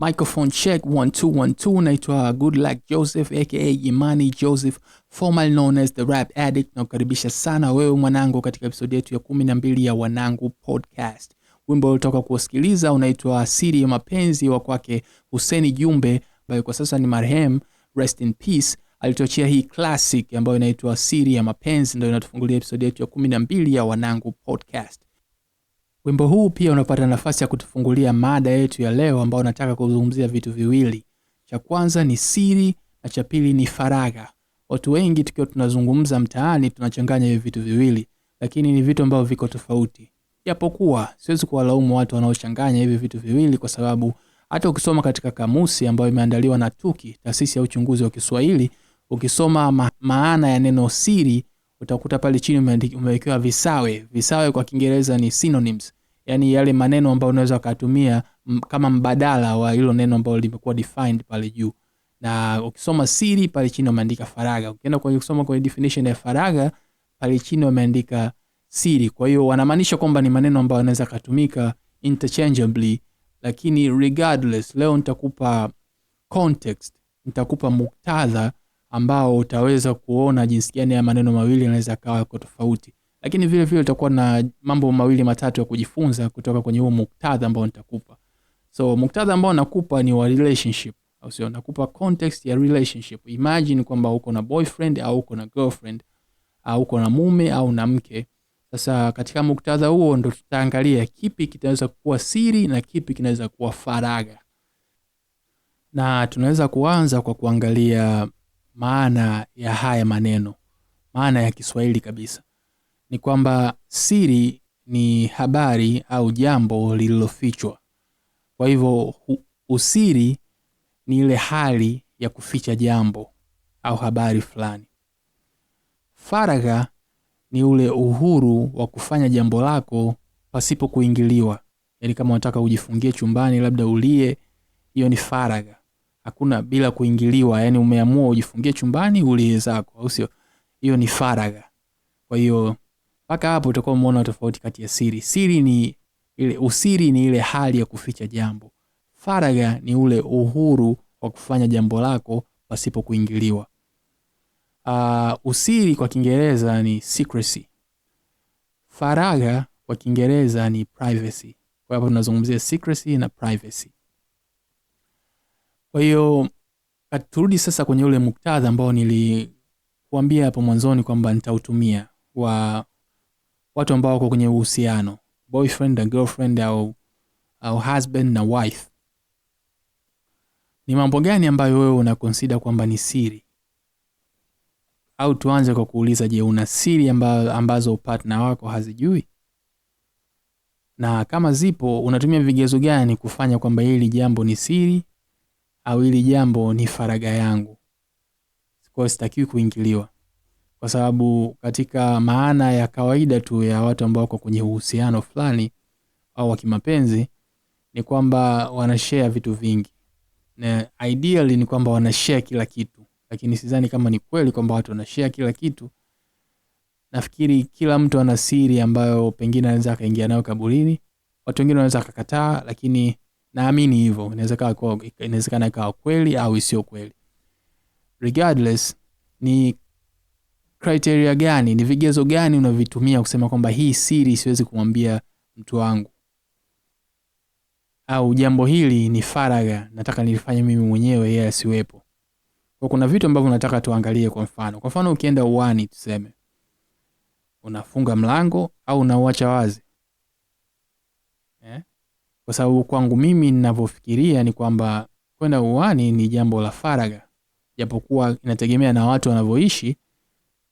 Microphone check 1212. Unaitwa Good Luck Joseph aka Imani Joseph formal known as the Rap Addict. Nakukaribisha sana wewe mwanangu katika episodi yetu ya 12 ya Wanangu Podcast. Wimbo uliotoka kusikiliza unaitwa Siri ya Mapenzi wa kwake Huseni Jumbe ambaye kwa sasa ni marehemu, rest in peace. Alituachia hii classic ambayo inaitwa Siri ya Mapenzi, ndio inatufungulia episodi yetu ya 12 ya Wanangu Podcast. Wimbo huu pia unapata nafasi ya kutufungulia mada yetu ya leo, ambao nataka kuzungumzia vitu viwili. Cha kwanza ni siri na cha pili ni faragha. Watu wengi tukiwa tunazungumza mtaani tunachanganya hivi vitu viwili, lakini ni vitu ambavyo viko tofauti, japokuwa siwezi kuwalaumu watu wanaochanganya hivi vitu viwili, kwa sababu hata ukisoma katika kamusi ambayo imeandaliwa na TUKI, taasisi ya uchunguzi wa Kiswahili, ukisoma ma maana ya neno siri utakuta pale chini umewekewa visawe. Visawe kwa Kiingereza ni synonyms yani yale maneno ambayo unaweza ukatumia kama mbadala wa hilo neno ambalo limekuwa defined pale juu. Na ukisoma siri pale chini wameandika faraga Ukienda kwenye kusoma kwenye definition ya faraga pale chini wameandika siri. Kwa hiyo wanamaanisha kwamba ni maneno ambayo yanaweza kutumika interchangeably, lakini regardless, leo nitakupa context, nitakupa muktadha ambao utaweza kuona jinsi gani ya maneno mawili yanaweza kawa kwa tofauti lakini vile vile utakuwa na mambo mawili matatu ya kujifunza kutoka kwenye huo muktadha ambao nitakupa. So muktadha ambao nakupa ni wa relationship, au sio? Nakupa context ya relationship. Imagine kwamba uko na boyfriend au uko na girlfriend au uko na mume au na mke. Sasa katika muktadha huo ndo tutaangalia kipi kinaweza kuwa siri na kipi kinaweza kuwa faraga na tunaweza kuanza kwa kuangalia maana ya haya maneno, maana ya Kiswahili kabisa ni kwamba siri ni habari au jambo lililofichwa. Kwa hivyo usiri ni ile hali ya kuficha jambo au habari fulani. Faragha ni ule uhuru wa kufanya jambo lako pasipo kuingiliwa. Yaani kama unataka ujifungie chumbani, labda ulie, hiyo ni faragha. Hakuna bila kuingiliwa, yaani umeamua ujifungie chumbani ulie zako, au sio? Hiyo ni faragha. Kwa hiyo mpaka hapo utakuwa umeona tofauti kati ya siri. Siri ni ile, usiri ni ile hali ya kuficha jambo. faraga ni ule uhuru wa kufanya jambo lako pasipo kuingiliwa. Uh, usiri kwa Kiingereza ni secrecy. faraga kwa Kiingereza ni privacy. Kwa hapo tunazungumzia secrecy na privacy. Kwa hiyo turudi sasa kwenye ule muktadha ambao nilikuambia hapo mwanzoni kwamba nitautumia wa watu ambao wako kwenye uhusiano boyfriend na girlfriend au, au husband na wife. Ni mambo gani ambayo wewe una consider kwamba ni siri? Au tuanze kwa kuuliza, je, una siri ambazo, ambazo partner wako hazijui? Na kama zipo, unatumia vigezo gani kufanya kwamba hili jambo ni siri au hili jambo ni faraga yangu, kwa hiyo sitakiwi kuingiliwa? kwa sababu katika maana ya kawaida tu ya watu ambao wako kwenye uhusiano fulani au wa kimapenzi ni kwamba wanashare vitu vingi, na ideally ni kwamba wanashare kila kitu, lakini sidhani kama ni kweli kwamba watu wanashare kila kitu. Nafikiri kila mtu ana siri ambayo pengine anaweza akaingia nayo kaburini, watu wengine wanaweza akakataa, lakini naamini hivyo. Inawezekana ikawa kweli au isiyo kweli, regardless ni criteria gani, ni vigezo gani unavitumia kusema kwamba hii siri siwezi kumwambia mtu wangu, au jambo hili ni faraga nataka nilifanye mimi mwenyewe, yeye asiwepo. Kwa kuna vitu ambavyo nataka tuangalie. Kwa mfano, kwa mfano ukienda uani, tuseme unafunga mlango au unauacha wazi eh? Kwa sababu kwangu mimi ninavyofikiria ni kwamba kwenda uani ni jambo la faraga japokuwa inategemea na watu wanavyoishi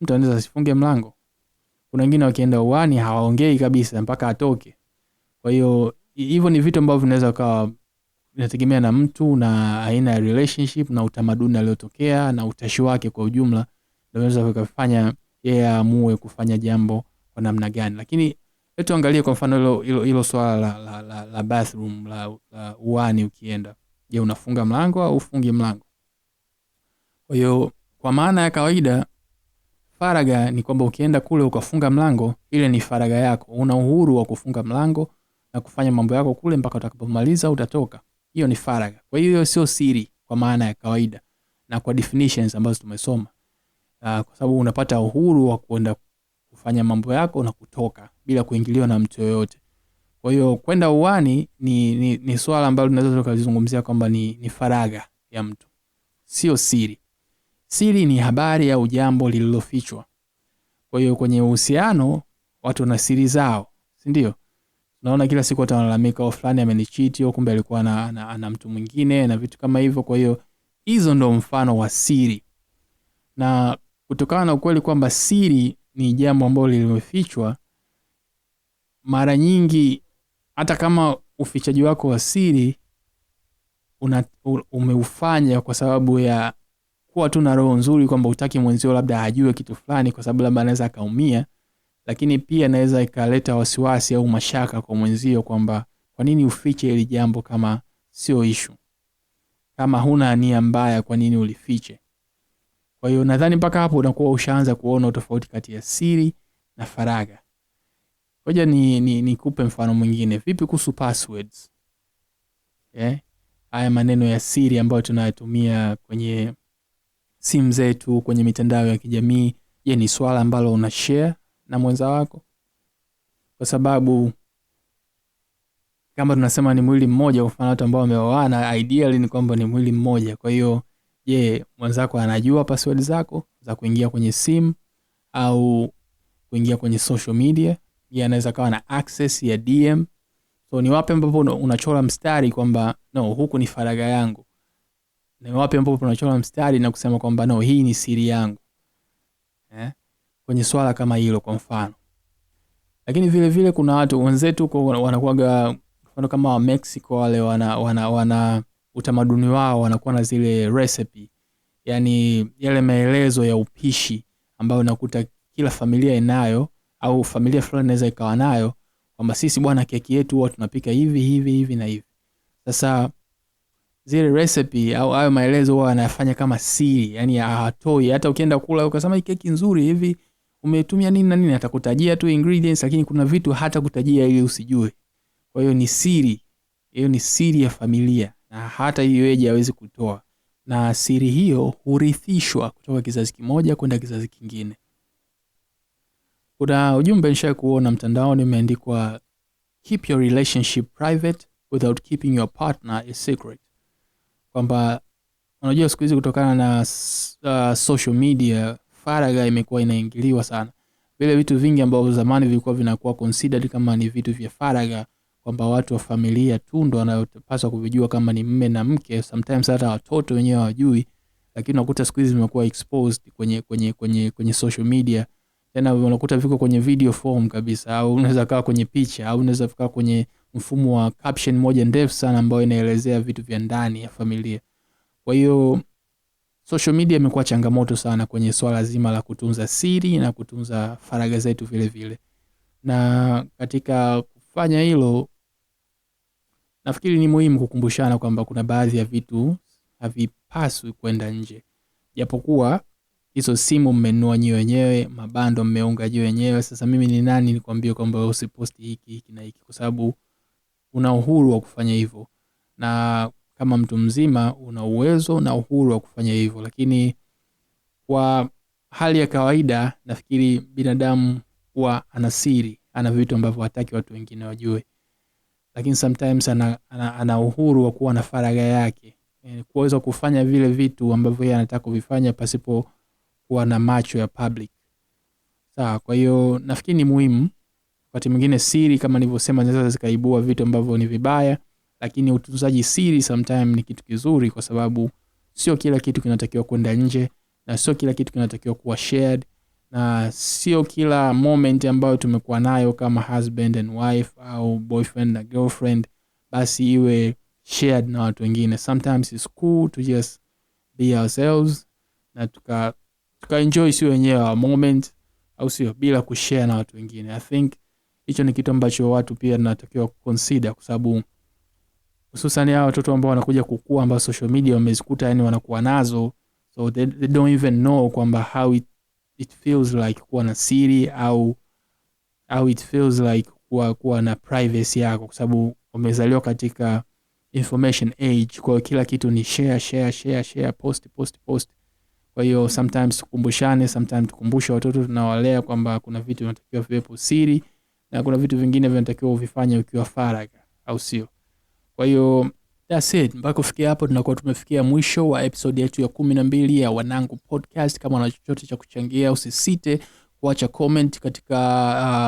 mtu anaweza asifunge mlango. Kuna wengine wakienda uani hawaongei kabisa mpaka atoke. Kwa hiyo hivyo ni vitu ambavyo vinaweza kawa inategemea na mtu na aina ya relationship na utamaduni aliotokea na utashi wake kwa ujumla, ndio unaweza kufanya yeye yeah, amue kufanya jambo kwa namna gani. Lakini hebu angalie kwa mfano ilo, ilo, ilo swala la, la, la, la bathroom la, la uani ukienda, je, unafunga mlango au ufungi mlango? Kwa hiyo kwa maana ya kawaida Faraga ni kwamba ukienda kule ukafunga mlango, ile ni faraga yako. Una uhuru wa kufunga mlango na kufanya mambo yako kule mpaka utakapomaliza utatoka. Hiyo ni faraga. Kwa hiyo sio siri kwa maana ya kawaida na kwa definitions ambazo tumesoma. Uh, kwa sababu unapata uhuru wa kwenda kufanya mambo yako na kutoka bila kuingiliwa na mtu yoyote. Kwa hiyo kwenda uwani ni, ni, ni swala ambalo tunaweza tukalizungumzia kwamba ni, ni faraga ya mtu, sio siri. Siri ni habari au jambo lililofichwa. Kwa hiyo kwenye uhusiano watu wana siri zao, si ndio? Naona kila siku watu wanalalamika, au oh, fulani amenichiti, au oh, kumbe alikuwa na, na, na mtu mwingine na vitu kama hivyo. Kwa hiyo hizo ndo mfano wa siri, na kutokana na ukweli kwamba siri ni jambo ambalo lilimefichwa mara nyingi hata kama ufichaji wako wa siri umeufanya kwa sababu ya kuwa tu na roho nzuri kwamba utaki mwenzio labda ajue kitu fulani, kwa sababu labda anaweza akaumia, lakini pia naweza ikaleta wasiwasi au mashaka kwa mwenzio kwamba kwa nini ufiche hili jambo kama sio ishu, kama huna nia mbaya, kwa nini ulifiche? Kwa hiyo nadhani mpaka hapo unakuwa ushaanza kuona tofauti kati ya siri na faraga Ngoja nikupe ni, ni mfano mwingine. Vipi kuhusu passwords? Yeah. Haya maneno ya siri ambayo tunayatumia kwenye simu zetu kwenye mitandao ya kijamii, je, ni swala ambalo una share na mwenza wako? Kwa sababu kama tunasema ni mwili mmoja, kwa mfano watu ambao wameoana, ideally ni kwamba ni mwili mmoja. Kwa hiyo je, mwenzako anajua password zako za kuingia kwenye simu au kuingia kwenye social media? ye anaweza kawa na access ya DM. So ni wapi ambapo unachora mstari kwamba no, huku ni faraga yangu ni wapi ambapo unachora mstari na kusema kwamba no, hii ni siri yangu eh? Kwenye swala kama hilo kwa mfano. Lakini vile vile kuna watu wenzetu huko wanakuaga mfano kama wa Mexico wale wana, wana, wana utamaduni wao wanakuwa na zile recipe, yani yale maelezo ya upishi ambayo unakuta kila familia inayo au familia fulani inaweza ikawa nayo kwamba sisi bwana, keki yetu huwa tunapika hivi hivi hivi na hivi. Sasa zile recipe au hayo maelezo huwa anayafanya kama siri, yani hatoi Hata ukienda kula ukasema hii keki nzuri hivi umetumia nini na nini, atakutajia tu ingredients, lakini kuna vitu hata kutajia ili usijue. Kwa hiyo ni siri, hiyo ni siri ya familia, na hata hiyo yeye hawezi kutoa, na siri hiyo hurithishwa kutoka kizazi kimoja kwenda kizazi kingine. Kuna ujumbe nisha kuona mtandaoni umeandikwa, keep your relationship private without keeping your partner a secret kwamba unajua siku hizi kutokana na uh, social media faraga imekuwa inaingiliwa sana. Vile vitu vingi ambavyo zamani vilikuwa vinakuwa considered kama ni vitu vya faraga kwamba watu wa familia tu ndo wanapaswa kuvijua kama ni mme na mke, sometimes hata watoto wenyewe hawajui, lakini unakuta siku hizi vimekuwa exposed kwenye, kwenye, kwenye, kwenye social media tena unakuta viko kwenye video form kabisa, au unaweza kaa kwenye picha au unaweza kaa kwenye mfumo wa caption moja ndefu sana ambayo inaelezea vitu vya ndani ya familia. Kwa hiyo social media imekuwa changamoto sana kwenye swala zima la kutunza siri na kutunza faraga zetu vile vile, na katika kufanya hilo nafikiri ni muhimu kukumbushana kwamba kuna baadhi ya vitu havipaswi kwenda nje, japokuwa hizo simu mmenua nyewe wenyewe, mabando mmeunga nyewe wenyewe. Sasa mimi ni nani nikwambie kwamba usiposti hiki hiki na hiki, kwa sababu una uhuru wa kufanya hivyo, na kama mtu mzima una uwezo na uhuru wa kufanya hivyo, lakini kwa hali ya kawaida nafikiri binadamu huwa ana siri, ana vitu ambavyo hataki watu wengine wajue, lakini sometimes ana, ana, ana uhuru wa kuwa na faragha yake e, kuweza kufanya vile vitu ambavyo yeye anataka kuvifanya pasipo kuwa na macho ya public. Sawa, kwa hiyo nafikiri ni muhimu wakati mwingine siri kama nilivyosema zinaweza zikaibua vitu ambavyo ni vibaya, lakini utunzaji siri sometimes ni kitu kizuri, kwa sababu sio kila kitu kinatakiwa kwenda nje na sio kila kitu kinatakiwa kuwa shared na sio kila moment ambayo tumekuwa nayo kama husband and wife au boyfriend na girlfriend basi iwe shared na watu wengine. Sometimes it's cool to just be ourselves na tuka tukaenjoy sio wenyewe moment, au sio, bila kushare na watu wengine. I think hicho ni kitu ambacho watu pia natakiwa kuconsider kwa sababu hususan hao watoto ambao wanakuja kukua ambao social media wamezikuta, yani wanakuwa nazo, so they, they don't even know kwamba how it, it feels like kuwa na siri au how it feels like kuwa, kuwa na privacy yako, kwa sababu wamezaliwa katika information age. Kwa kila kitu ni share share share share, post post post. Kwa hiyo sometimes tukumbushane, sometimes tukumbushe watoto tunawalea kwamba kuna vitu vinatakiwa viwepo siri na kuna vitu vingine vinatakiwa uvifanye ukiwa faragha, au sio? Kwa hiyo that's it, mpaka kufikia hapo tunakuwa tumefikia mwisho wa episode yetu ya kumi na mbili ya Wanangu Podcast. Kama una chochote cha kuchangia, usisite kuacha comment katika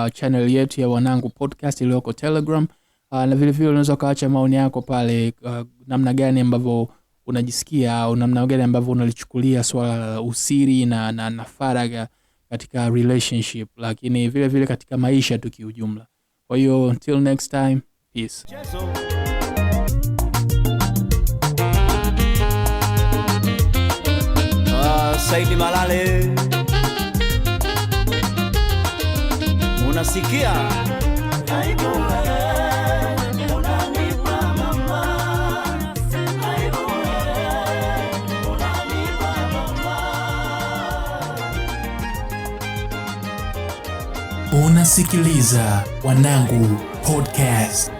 uh, channel yetu ya Wanangu Podcast iliyoko Telegram. Uh, na vilevile unaweza ukaacha maoni yako pale, uh, namna gani ambavyo unajisikia au namna gani ambavyo unalichukulia swala la usiri na, na, na faragha katika relationship, lakini vile vile katika maisha tu kiujumla. Kwa hiyo until next time, peace. Ah, Saidi Malale unasikia unasikiliza Wanangu Podcast.